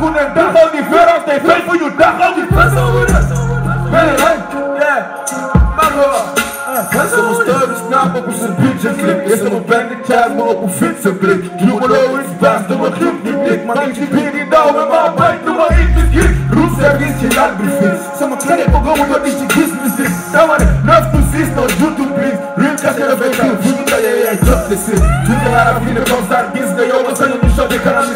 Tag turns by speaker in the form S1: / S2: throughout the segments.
S1: couldn't dance on the us. Really, right? Some stories now, but some pictures I'm a bandit child, maar op een fietsen blik. You will always pass door mijn groep, niet dik. Maar ik zit hier niet down, met mijn buik, doe maar iets te kik. Roep zeg eens, je laat me vis. Some kleine programma, dat is je business is. Daar waar ik naast precies, nou YouTube please. Real cash, je weet dat, voel dat jij justice is. Toen je haar afvielen, kwam daar, dienst, de jongens, en je nu zo, ik kan aan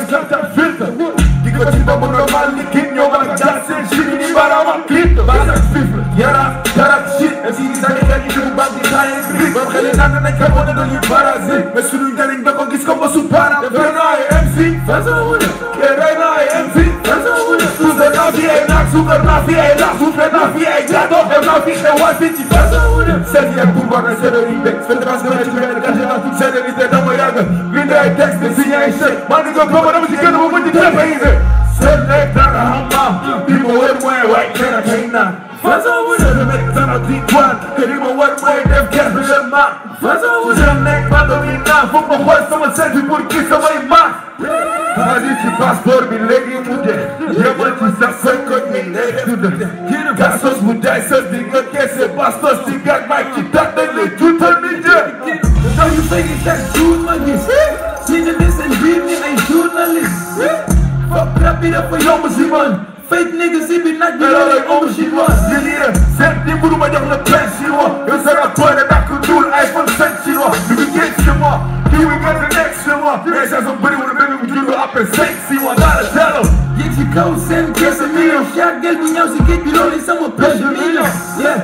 S1: bu normal bir kim yok bak Cansın şimdi var ama klip fifle yara yara shit MC'nin zanneden işi bu bak bir tane split Ben kaleden ne kadar onu dönüyor parazit Ve sürün derin bak o gizli kombo su para Fena MC fazla oyna Kerena MC fazla oyna Suzda nafiye enak sukar nafiye elak Sufre nafiye eklado Ev nafiye var bitti fazla oyna Seviyen kurban ve severim bek Fendras göreceğim kaçınan tüm senelizde damayagı Vindra'yı tekstin sinyayı şey Mandık yok kameramı çıkardım bu mıcı tepeyizi Send that down the mouth. People wet way, white can I can't not. Fuzz over to the make down a deep one. Cause even wet way, they've cast me in my. Fuzz over to the neck, by the way, now. Fuck my horse, someone said you would kiss away my. Paradiso pastor to legi mude Diamante sa sanko mi legi get Kasos mudai to get my Bastos tigak ma kitak da le juta nije Now you think it's that journalist the this and being a journalist wieder verjouwen ze man Fake niggas, ik ben not below like oh she was Zillion, zet die moeder maar nog een pensie hoor Heel zijn dat boy dat ik kan doen, hij is van de pensie hoor Nu ben ik we got the next one Hey, zijn zo'n buddy with a baby, we doen we up and sexy one Gotta tell him Get your clothes and get some meals Ja, geld me jou, ze get below, dit zijn mijn pensioenen Yeah,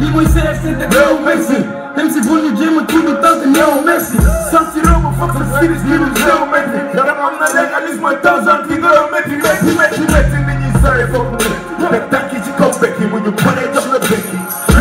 S1: die boy zei hij zit de girl mixing Hem ze voelen je gym, maar toen doet dat een jouw messie Zat je roken, fuck the cities, die doen zo me Ja, dat man naar leg, al is mijn thuis aan die Back Becky, you go back Becky. When you put it on the Becky.